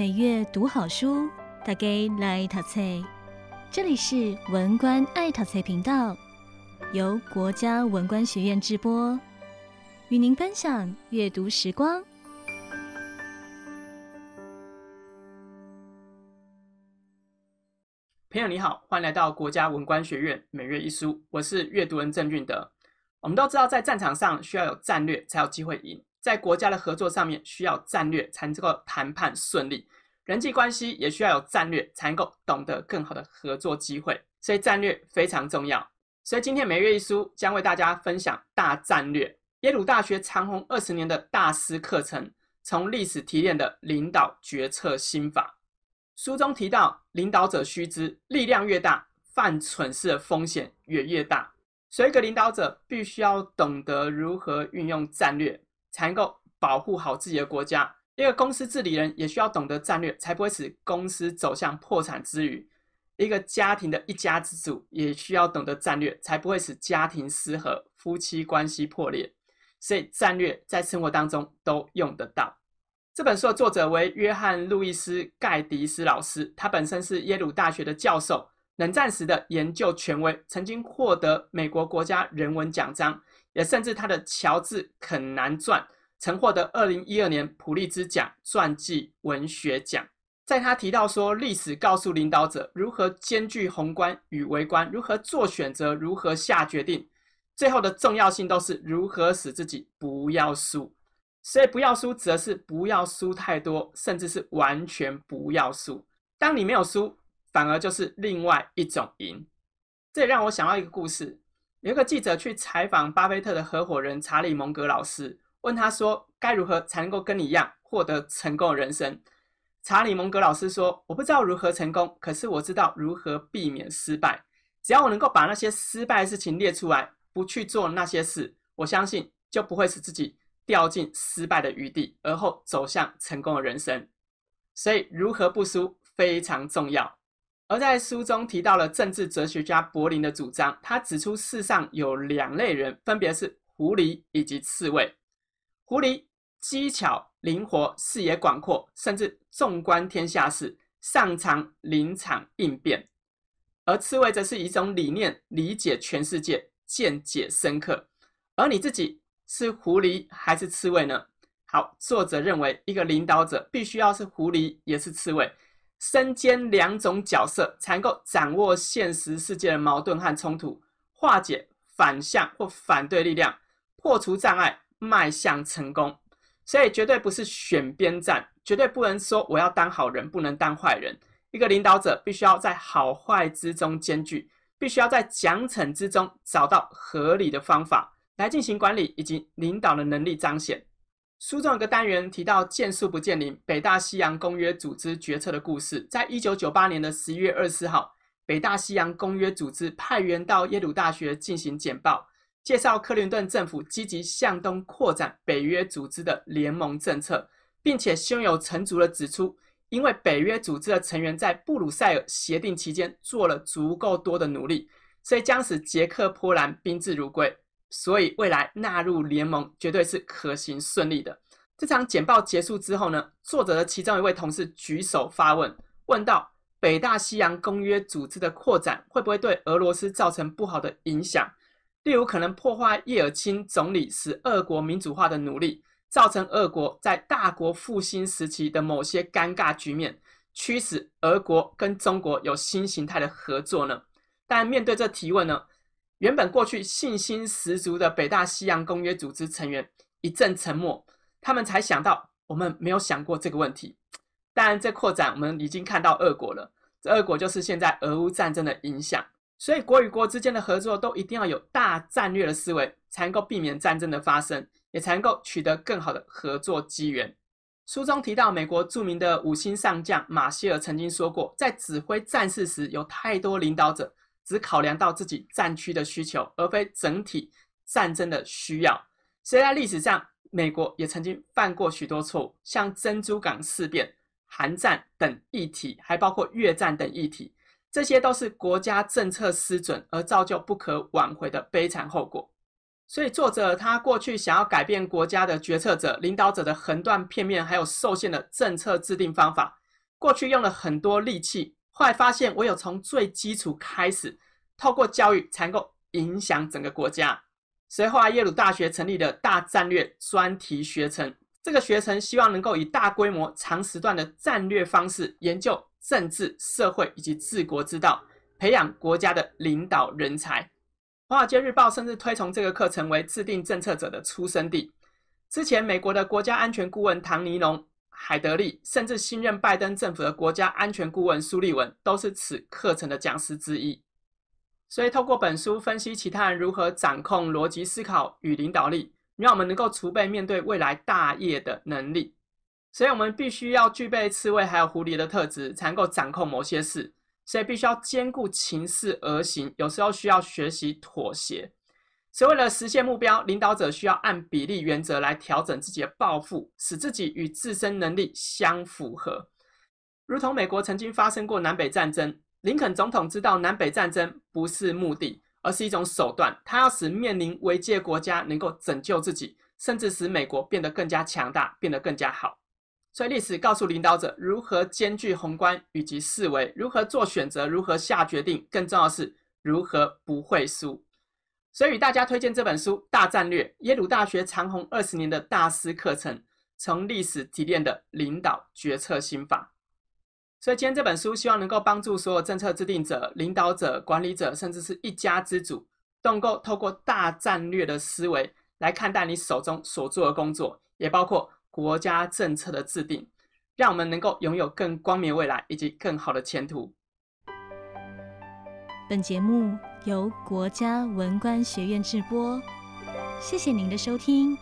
每月讀好書，大家來淘菜。這裡是文官愛淘菜頻道，由國家文官學院直播，與您分享閱讀時光。朋友你好，歡迎來到國家文官學院每月一書，我是閱讀人鄭俊德。我們都知道，在戰場上需要有戰略，才有機會贏。在國家的合作上面，需要戰略才能夠談判順利；人際關係也需要有戰略才能夠懂得更好的合作機會。所以戰略非常重要。所以今天每月一書將為大家分享大戰略——耶魯大學長紅二十年的大師課程，從歷史提煉的領導決策心法。書中提到，領導者須知：力量越大，犯蠢事的風險也越大。所以，一個領導者必須要懂得如何運用戰略。才能夠保護好自己的國家。一個公司治理人也需要懂得戰略，才不會使公司走向破產之餘，一個家庭的一家之主也需要懂得戰略，才不會使家庭失和、夫妻關係破裂。所以，戰略在生活當中都用得到。這本書的作者為約翰·路易斯·蓋迪斯老師，他本身是耶魯大學的教授，冷戰時的研究權威，曾經獲得美國國家人文獎章。也甚至他的《喬治·肯南傳》曾獲得二零一二年普利茲獎傳記文學獎。在他提到說，歷史告訴領導者如何兼具宏觀與微觀，如何做選擇，如何下決定，最後的重要性都是如何使自己不要輸。所以，不要輸，則是不要輸太多，甚至是完全不要輸。當你沒有輸，反而就是另外一種贏。這也讓我想到一個故事。有一個記者去採訪巴菲特的合夥人查理蒙格老師，問他說：“該如何才能夠跟你一樣獲得成功的人生？”查理蒙格老師說：“我不知道如何成功，可是我知道如何避免失敗。只要我能夠把那些失敗的事情列出來，不去做那些事，我相信就不會使自己掉進失敗的餘地，而後走向成功的人生。所以，如何不輸非常重要。”而在書中提到了政治哲學家柏林的主張，他指出世上有兩類人，分別是狐狸以及刺蝟。狐狸機巧靈活，視野廣闊，甚至縱觀天下事，擅長臨場，場應變；而刺蝟則是一種理念，理解全世界，見解深刻。而你自己是狐狸還是刺蝟呢？好，作者認為一個領導者必須要是狐狸，也是刺蝟。身兼兩種角色，才能夠掌握現實世界的矛盾和衝突，化解反向或反對力量，破除障礙，邁向成功。所以絕對不是選邊站，絕對不能說我要當好人，不能當壞人。一個領導者必須要在好壞之中兼具，必須要在獎懲之中找到合理的方法，來進行管理以及領導的能力彰顯。書中有個單元提到“見樹不見林”，北大西洋公約組織決策的故事。在一九九八年的十一月二十號，北大西洋公約組織派員到耶魯大學進行簡報，介紹克林頓政府積極向東擴展北約組織的聯盟政策，並且胸有成竹地指出，因為北約組織的成員在布魯塞爾協定期間做了足夠多的努力，所以將使捷克、波蘭賓至如歸。所以未來納入聯盟絕對是可行順利的。這場簡報結束之後呢，作者的其中一位同事舉手發問，問到北大西洋公約組織的擴展會不會對俄羅斯造成不好的影響？例如可能破壞葉爾欽總理使俄國民主化的努力，造成俄國在大國復興時期的某些尷尬局面，驅使俄國跟中國有新形態的合作呢？但面對這提問呢，原本過去信心十足的北大西洋公約組織成員一陣沉默，他們才想到我們沒有想過這個問題。但這擴展我們已經看到惡果了，這惡果就是現在俄烏戰爭的影響。所以國與國之間的合作都一定要有大戰略的思維，才能夠避免戰爭的發生，也才能夠取得更好的合作機緣。書中提到，美國著名的五星上將馬歇爾曾經說過，在指揮戰事時，有太多領導者。只考量到自己戰區的需求，而非整體戰爭的需要。所以在歷史上，美國也曾經犯過許多錯誤，像珍珠港事變、韓戰等議題，還包括越戰等議題，這些都是國家政策失準而造就不可挽回的悲慘後果。所以，作者他過去想要改變國家的決策者、領導者的橫斷片面，還有受限的政策制定方法，過去用了很多力氣。後來發現，唯有從最基礎開始，透過教育，才能夠影響整個國家。隨後，來耶魯大學成立了大戰略專題學程，這個學程希望能夠以大規模、長時段的戰略方式研究政治、社會以及治國之道，培養國家的領導人才。《華爾街日報》甚至推崇這個課程為制定政策者的出生地。之前，美國的國家安全顧問唐尼隆。海德利，甚至新任拜登政府的國家安全顧問蘇利文都是此課程的講師之一。所以，透過本書分析其他人如何掌控邏輯思考與領導力，讓我們能夠儲備面對未來大業的能力。所以，我們必須要具備刺蝟還有狐狸的特質，才能夠掌控某些事。所以，必須要兼顧情勢而行，有時候需要學習妥協。所以，為了實現目標，領導者需要按比例原則來調整自己的抱負，使自己與自身能力相符合。如同美國曾經發生過南北戰爭，林肯總統知道南北戰爭不是目的，而是一種手段。他要使面臨危機國家能夠拯救自己，甚至使美國變得更加強大，變得更加好。所以，歷史告訴領導者如何兼具宏觀以及思維，如何做選擇，如何下決定，更重要的是如何不會輸。所以，與大家推薦這本書《大戰略》，耶魯大學長紅二十年的大師課程，從歷史提煉的領導決策心法。所以，今天這本書希望能夠幫助所有政策制定者、領導者、管理者，甚至是一家之主，都能夠透過大戰略的思維來看待你手中所做的工作，也包括國家政策的制定，讓我們能夠擁有更光明未來以及更好的前途。本節目。由國家文官學院製播，謝謝您的收聽。